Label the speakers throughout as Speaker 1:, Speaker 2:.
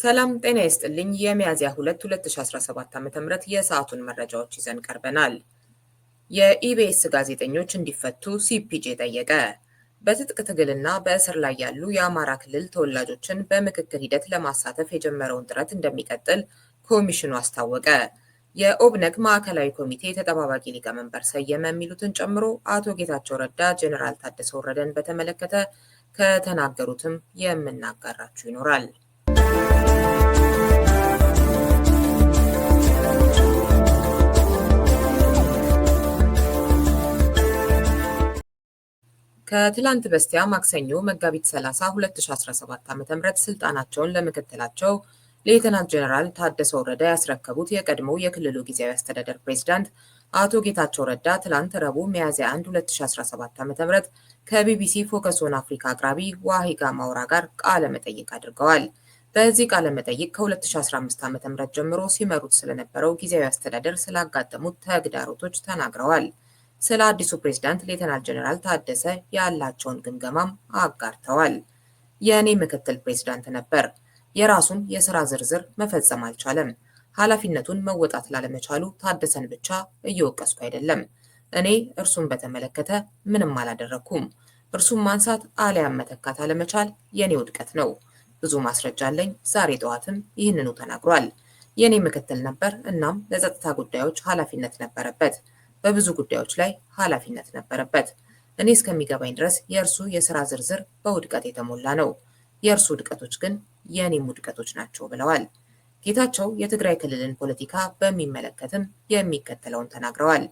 Speaker 1: ሰላም ጤና ይስጥልኝ። የሚያዝያ 2 2017 ዓ.ም የሰዓቱን መረጃዎች ይዘን ቀርበናል። የኢቢኤስ ጋዜጠኞች እንዲፈቱ ሲፒጄ ጠየቀ። በትጥቅ ትግልና በእስር ላይ ያሉ የአማራ ክልል ተወላጆችን በምክክር ሂደት ለማሳተፍ የጀመረውን ጥረት እንደሚቀጥል ኮሚሽኑ አስታወቀ። የኦብነግ ማዕከላዊ ኮሚቴ ተጠባባቂ ሊቀመንበር ሰየመ የሚሉትን ጨምሮ አቶ ጌታቸው ረዳ ጄኔራል ታደሰ ወረደን በተመለከተ ከተናገሩትም የምናጋራችሁ ይኖራል። ከትላንት በስቲያ ማክሰኞ መጋቢት 30 2017 ዓ.ም ስልጣናቸውን ለምክትላቸው ሌተናንት ጀነራል ታደሰ ወረደ ያስረከቡት የቀድሞ የክልሉ ጊዜያዊ አስተዳደር ፕሬዝዳንት አቶ ጌታቸው ረዳ ትላንት ረቡዕ ሚያዝያ 1 2017 ዓ.ም ከቢቢሲ ፎከስ ኦን አፍሪካ አቅራቢ ዋሂጋ ማውራ ጋር ቃለ መጠይቅ አድርገዋል። በዚህ ቃለ መጠይቅ ከ2015 ዓ.ም ጀምሮ ሲመሩት ስለነበረው ጊዜያዊ አስተዳደር ስላጋጠሙት ተግዳሮቶች ተናግረዋል። ስለ አዲሱ ፕሬዝዳንት ሌተናል ጀነራል ታደሰ ያላቸውን ግምገማም አጋርተዋል። የእኔ ምክትል ፕሬዝዳንት ነበር። የራሱን የስራ ዝርዝር መፈጸም አልቻለም። ኃላፊነቱን መወጣት ላለመቻሉ ታደሰን ብቻ እየወቀስኩ አይደለም። እኔ እርሱን በተመለከተ ምንም አላደረግኩም። እርሱን ማንሳት አሊያም መተካት አለመቻል የእኔ ውድቀት ነው። ብዙ ማስረጃ አለኝ። ዛሬ ጠዋትም ይህንኑ ተናግሯል። የእኔ ምክትል ነበር፣ እናም ለጸጥታ ጉዳዮች ኃላፊነት ነበረበት። በብዙ ጉዳዮች ላይ ኃላፊነት ነበረበት። እኔ እስከሚገባኝ ድረስ የእርሱ የሥራ ዝርዝር በውድቀት የተሞላ ነው። የእርሱ ውድቀቶች ግን የእኔም ውድቀቶች ናቸው ብለዋል። ጌታቸው የትግራይ ክልልን ፖለቲካ በሚመለከትም የሚከተለውን ተናግረዋል።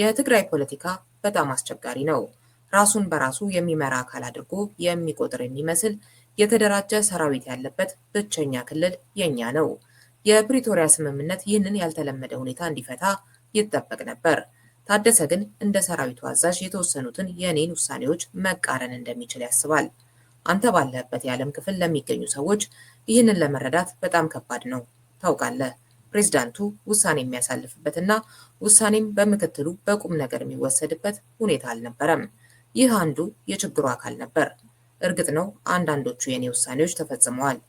Speaker 1: የትግራይ ፖለቲካ በጣም አስቸጋሪ ነው። ራሱን በራሱ የሚመራ አካል አድርጎ የሚቆጥር የሚመስል የተደራጀ ሰራዊት ያለበት ብቸኛ ክልል የኛ ነው። የፕሪቶሪያ ስምምነት ይህንን ያልተለመደ ሁኔታ እንዲፈታ ይጠበቅ ነበር። ታደሰ ግን እንደ ሰራዊቱ አዛዥ የተወሰኑትን የእኔን ውሳኔዎች መቃረን እንደሚችል ያስባል። አንተ ባለህበት የዓለም ክፍል ለሚገኙ ሰዎች ይህንን ለመረዳት በጣም ከባድ ነው። ታውቃለህ፣ ፕሬዚዳንቱ ውሳኔ የሚያሳልፍበትና ውሳኔም በምክትሉ በቁም ነገር የሚወሰድበት ሁኔታ አልነበረም። ይህ አንዱ የችግሩ አካል ነበር። እርግጥ ነው አንዳንዶቹ የእኔ ውሳኔዎች ተፈጽመዋል።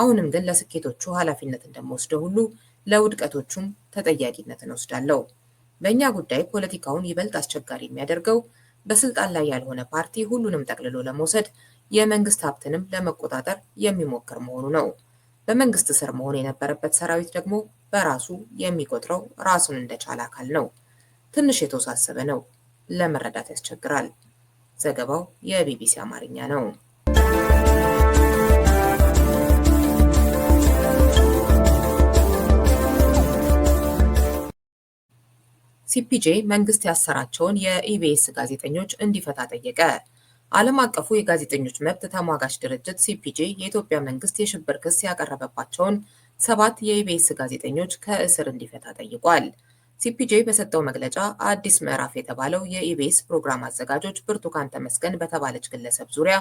Speaker 1: አሁንም ግን ለስኬቶቹ ኃላፊነት እንደምወስደው ሁሉ ለውድቀቶቹም ተጠያቂነትን ወስዳለው። በእኛ ጉዳይ ፖለቲካውን ይበልጥ አስቸጋሪ የሚያደርገው በስልጣን ላይ ያልሆነ ፓርቲ ሁሉንም ጠቅልሎ ለመውሰድ የመንግስት ሀብትንም ለመቆጣጠር የሚሞክር መሆኑ ነው። በመንግስት ስር መሆን የነበረበት ሰራዊት ደግሞ በራሱ የሚቆጥረው ራሱን እንደቻለ አካል ነው። ትንሽ የተወሳሰበ ነው፣ ለመረዳት ያስቸግራል። ዘገባው የቢቢሲ አማርኛ ነው። ሲፒጄ መንግስት ያሰራቸውን የኢቢኤስ ጋዜጠኞች እንዲፈታ ጠየቀ። ዓለም አቀፉ የጋዜጠኞች መብት ተሟጋች ድርጅት ሲፒጄ የኢትዮጵያ መንግስት የሽብር ክስ ያቀረበባቸውን ሰባት የኢቢኤስ ጋዜጠኞች ከእስር እንዲፈታ ጠይቋል። ሲፒጄ በሰጠው መግለጫ አዲስ ምዕራፍ የተባለው የኢቢኤስ ፕሮግራም አዘጋጆች ብርቱካን ተመስገን በተባለች ግለሰብ ዙሪያ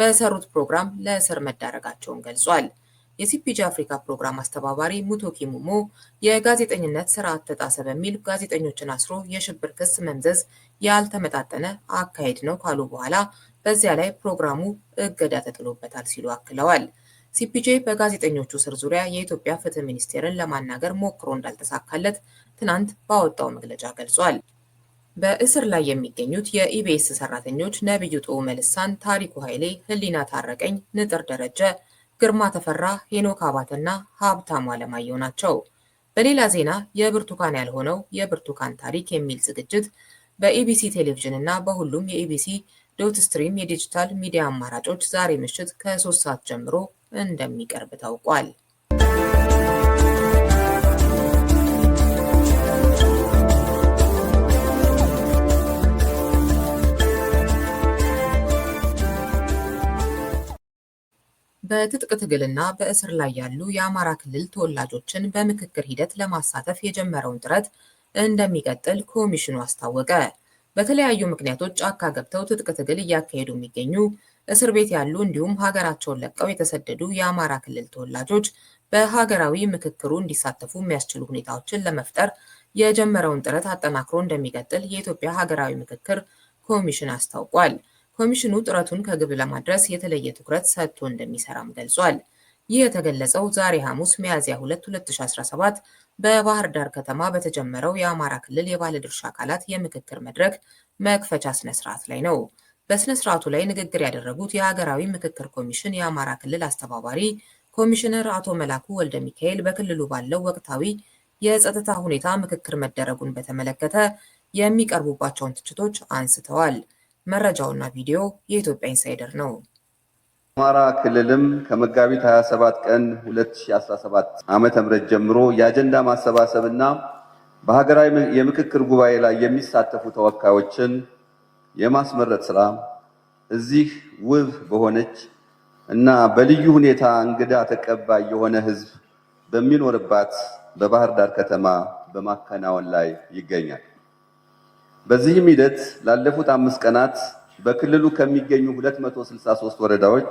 Speaker 1: በሰሩት ፕሮግራም ለእስር መዳረጋቸውን ገልጿል። የሲፒጂ አፍሪካ ፕሮግራም አስተባባሪ ሙቶኪ ሙሞ የጋዜጠኝነት ስርዓት ተጣሰ በሚል ጋዜጠኞችን አስሮ የሽብር ክስ መምዘዝ ያልተመጣጠነ አካሄድ ነው ካሉ በኋላ በዚያ ላይ ፕሮግራሙ እገዳ ተጥሎበታል ሲሉ አክለዋል። ሲፒጄ በጋዜጠኞቹ ስር ዙሪያ የኢትዮጵያ ፍትህ ሚኒስቴርን ለማናገር ሞክሮ እንዳልተሳካለት ትናንት ባወጣው መግለጫ ገልጿል። በእስር ላይ የሚገኙት የኢቢኤስ ሰራተኞች ነቢዩ ጦ መልሳን፣ ታሪኩ ኃይሌ፣ ህሊና ታረቀኝ፣ ንጥር ደረጀ ግርማ ተፈራ፣ ሄኖክ አባትና ሀብታሙ አለማየሁ ናቸው። በሌላ ዜና የብርቱካን ያልሆነው የብርቱካን ታሪክ የሚል ዝግጅት በኢቢሲ ቴሌቪዥን እና በሁሉም የኢቢሲ ዶት ስትሪም የዲጂታል ሚዲያ አማራጮች ዛሬ ምሽት ከሶስት ሰዓት ጀምሮ እንደሚቀርብ ታውቋል። በትጥቅ ትግልና በእስር ላይ ያሉ የአማራ ክልል ተወላጆችን በምክክር ሂደት ለማሳተፍ የጀመረውን ጥረት እንደሚቀጥል ኮሚሽኑ አስታወቀ። በተለያዩ ምክንያቶች ጫካ ገብተው ትጥቅ ትግል እያካሄዱ የሚገኙ እስር ቤት ያሉ እንዲሁም ሀገራቸውን ለቀው የተሰደዱ የአማራ ክልል ተወላጆች በሀገራዊ ምክክሩ እንዲሳተፉ የሚያስችሉ ሁኔታዎችን ለመፍጠር የጀመረውን ጥረት አጠናክሮ እንደሚቀጥል የኢትዮጵያ ሀገራዊ ምክክር ኮሚሽን አስታውቋል። ኮሚሽኑ ጥረቱን ከግብ ለማድረስ የተለየ ትኩረት ሰጥቶ እንደሚሰራም ገልጿል። ይህ የተገለጸው ዛሬ ሐሙስ ሚያዝያ 2 2017 በባህር ዳር ከተማ በተጀመረው የአማራ ክልል የባለድርሻ አካላት የምክክር መድረክ መክፈቻ ስነስርዓት ላይ ነው። በስነስርዓቱ ላይ ንግግር ያደረጉት የሀገራዊ ምክክር ኮሚሽን የአማራ ክልል አስተባባሪ ኮሚሽነር አቶ መላኩ ወልደ ሚካኤል በክልሉ ባለው ወቅታዊ የጸጥታ ሁኔታ ምክክር መደረጉን በተመለከተ የሚቀርቡባቸውን ትችቶች አንስተዋል። መረጃውና ቪዲዮው የኢትዮጵያ ኢንሳይደር ነው።
Speaker 2: አማራ ክልልም ከመጋቢት 27 ቀን 2017 ዓመተ ምህረት ጀምሮ የአጀንዳ ማሰባሰብ እና በሀገራዊ የምክክር ጉባኤ ላይ የሚሳተፉ ተወካዮችን የማስመረጥ ስራ እዚህ ውብ በሆነች እና በልዩ ሁኔታ እንግዳ ተቀባይ የሆነ ህዝብ በሚኖርባት በባህር ዳር ከተማ በማከናወን ላይ ይገኛል። በዚህም ሂደት ላለፉት አምስት ቀናት በክልሉ ከሚገኙ 263 ወረዳዎች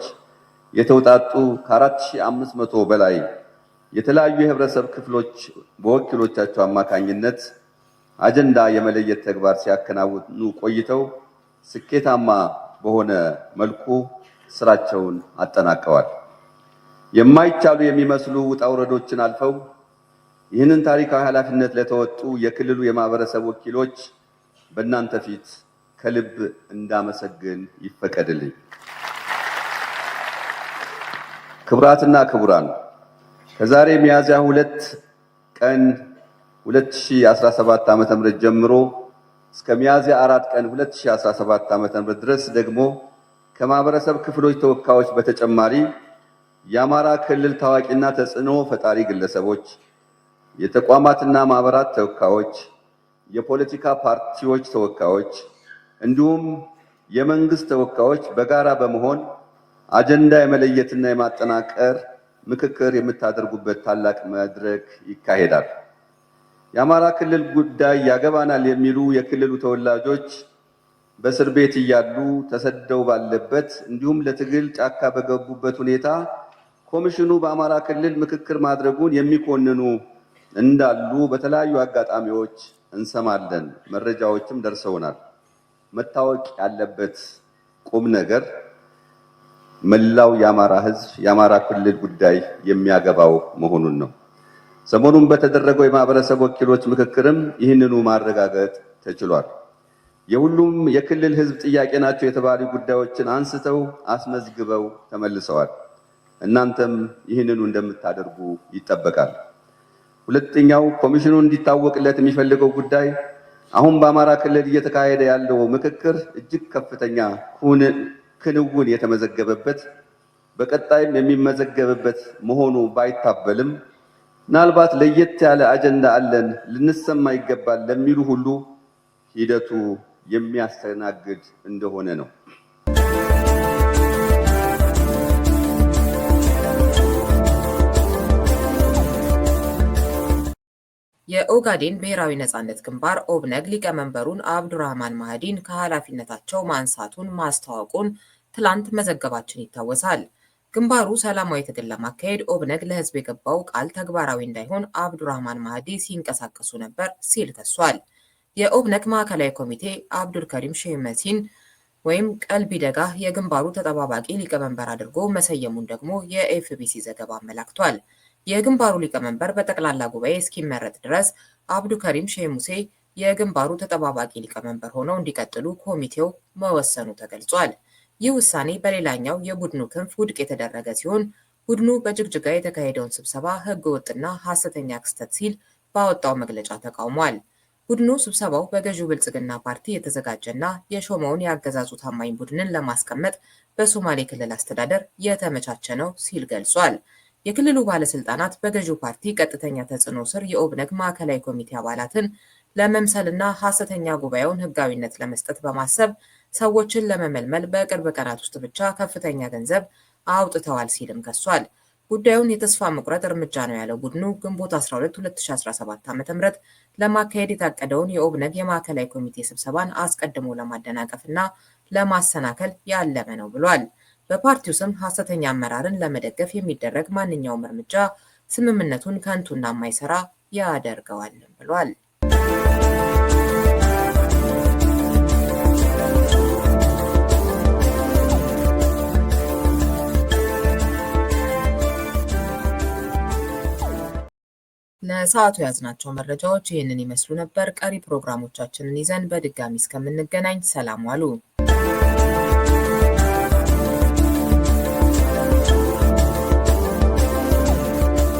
Speaker 2: የተውጣጡ ከ4500 በላይ የተለያዩ የህብረተሰብ ክፍሎች በወኪሎቻቸው አማካኝነት አጀንዳ የመለየት ተግባር ሲያከናውኑ ቆይተው ስኬታማ በሆነ መልኩ ስራቸውን አጠናቀዋል። የማይቻሉ የሚመስሉ ውጣ ውረዶችን አልፈው ይህንን ታሪካዊ ኃላፊነት ለተወጡ የክልሉ የማህበረሰብ ወኪሎች በእናንተ ፊት ከልብ እንዳመሰግን ይፈቀድልኝ። ክቡራትና ክቡራን ከዛሬ ሚያዝያ ሁለት ቀን 2017 ዓ.ም ጀምሮ እስከ ሚያዝያ አራት ቀን 2017 ዓ.ም ድረስ ደግሞ ከማህበረሰብ ክፍሎች ተወካዮች በተጨማሪ የአማራ ክልል ታዋቂና ተጽዕኖ ፈጣሪ ግለሰቦች፣ የተቋማትና ማህበራት ተወካዮች የፖለቲካ ፓርቲዎች ተወካዮች እንዲሁም የመንግስት ተወካዮች በጋራ በመሆን አጀንዳ የመለየትና የማጠናቀር ምክክር የምታደርጉበት ታላቅ መድረክ ይካሄዳል። የአማራ ክልል ጉዳይ ያገባናል የሚሉ የክልሉ ተወላጆች በእስር ቤት እያሉ ተሰደው ባለበት እንዲሁም ለትግል ጫካ በገቡበት ሁኔታ ኮሚሽኑ በአማራ ክልል ምክክር ማድረጉን የሚኮንኑ እንዳሉ በተለያዩ አጋጣሚዎች እንሰማለን፣ መረጃዎችም ደርሰውናል። መታወቅ ያለበት ቁም ነገር መላው የአማራ ሕዝብ የአማራ ክልል ጉዳይ የሚያገባው መሆኑን ነው። ሰሞኑን በተደረገው የማህበረሰብ ወኪሎች ምክክርም ይህንኑ ማረጋገጥ ተችሏል። የሁሉም የክልል ሕዝብ ጥያቄ ናቸው የተባሉ ጉዳዮችን አንስተው አስመዝግበው ተመልሰዋል። እናንተም ይህንኑ እንደምታደርጉ ይጠበቃል። ሁለተኛው ኮሚሽኑ እንዲታወቅለት የሚፈልገው ጉዳይ አሁን በአማራ ክልል እየተካሄደ ያለው ምክክር እጅግ ከፍተኛ ክንውን የተመዘገበበት በቀጣይም የሚመዘገብበት መሆኑ ባይታበልም ምናልባት ለየት ያለ አጀንዳ አለን ልንሰማ ይገባል ለሚሉ ሁሉ ሂደቱ የሚያስተናግድ እንደሆነ ነው።
Speaker 1: የኦጋዴን ብሔራዊ ነፃነት ግንባር ኦብነግ ሊቀመንበሩን አብዱራህማን ማህዲን ከኃላፊነታቸው ማንሳቱን ማስታወቁን ትላንት መዘገባችን ይታወሳል። ግንባሩ ሰላማዊ ትግል ለማካሄድ ኦብነግ ለህዝብ የገባው ቃል ተግባራዊ እንዳይሆን አብዱራህማን ማህዲ ሲንቀሳቀሱ ነበር ሲል ከሷል። የኦብነግ ማዕከላዊ ኮሚቴ አብዱልከሪም ሼህ ወይም ቀልቢ ደጋ የግንባሩ ተጠባባቂ ሊቀመንበር አድርጎ መሰየሙን ደግሞ የኤፍቢሲ ዘገባ አመላክቷል። የግንባሩ ሊቀመንበር በጠቅላላ ጉባኤ እስኪመረጥ ድረስ አብዱከሪም ሼህ ሙሴ የግንባሩ ተጠባባቂ ሊቀመንበር ሆነው እንዲቀጥሉ ኮሚቴው መወሰኑ ተገልጿል። ይህ ውሳኔ በሌላኛው የቡድኑ ክንፍ ውድቅ የተደረገ ሲሆን ቡድኑ በጅግጅጋ የተካሄደውን ስብሰባ ወጥና ሐሰተኛ ክስተት ሲል ባወጣው መግለጫ ተቃውሟል። ቡድኑ ስብሰባው በገዢው ብልጽግና ፓርቲ የተዘጋጀና የሾመውን የአገዛዙ ታማኝ ቡድንን ለማስቀመጥ በሶማሌ ክልል አስተዳደር የተመቻቸ ነው ሲል ገልጿል። የክልሉ ባለስልጣናት በገዢው ፓርቲ ቀጥተኛ ተጽዕኖ ስር የኦብነግ ማዕከላዊ ኮሚቴ አባላትን ለመምሰልና ሐሰተኛ ጉባኤውን ሕጋዊነት ለመስጠት በማሰብ ሰዎችን ለመመልመል በቅርብ ቀናት ውስጥ ብቻ ከፍተኛ ገንዘብ አውጥተዋል ሲልም ከሷል። ጉዳዩን የተስፋ መቁረጥ እርምጃ ነው ያለው ቡድኑ ግንቦት 12 2017 ዓ ም ለማካሄድ የታቀደውን የኦብነግ የማዕከላዊ ኮሚቴ ስብሰባን አስቀድሞ ለማደናቀፍና ለማሰናከል ያለመ ነው ብሏል። በፓርቲው ስም ሀሰተኛ አመራርን ለመደገፍ የሚደረግ ማንኛውም እርምጃ ስምምነቱን ከንቱና የማይሰራ ያደርገዋል ብሏል። ለሰዓቱ ያዝናቸው መረጃዎች ይህንን ይመስሉ ነበር። ቀሪ ፕሮግራሞቻችንን ይዘን በድጋሚ እስከምንገናኝ ሰላም ዋሉ።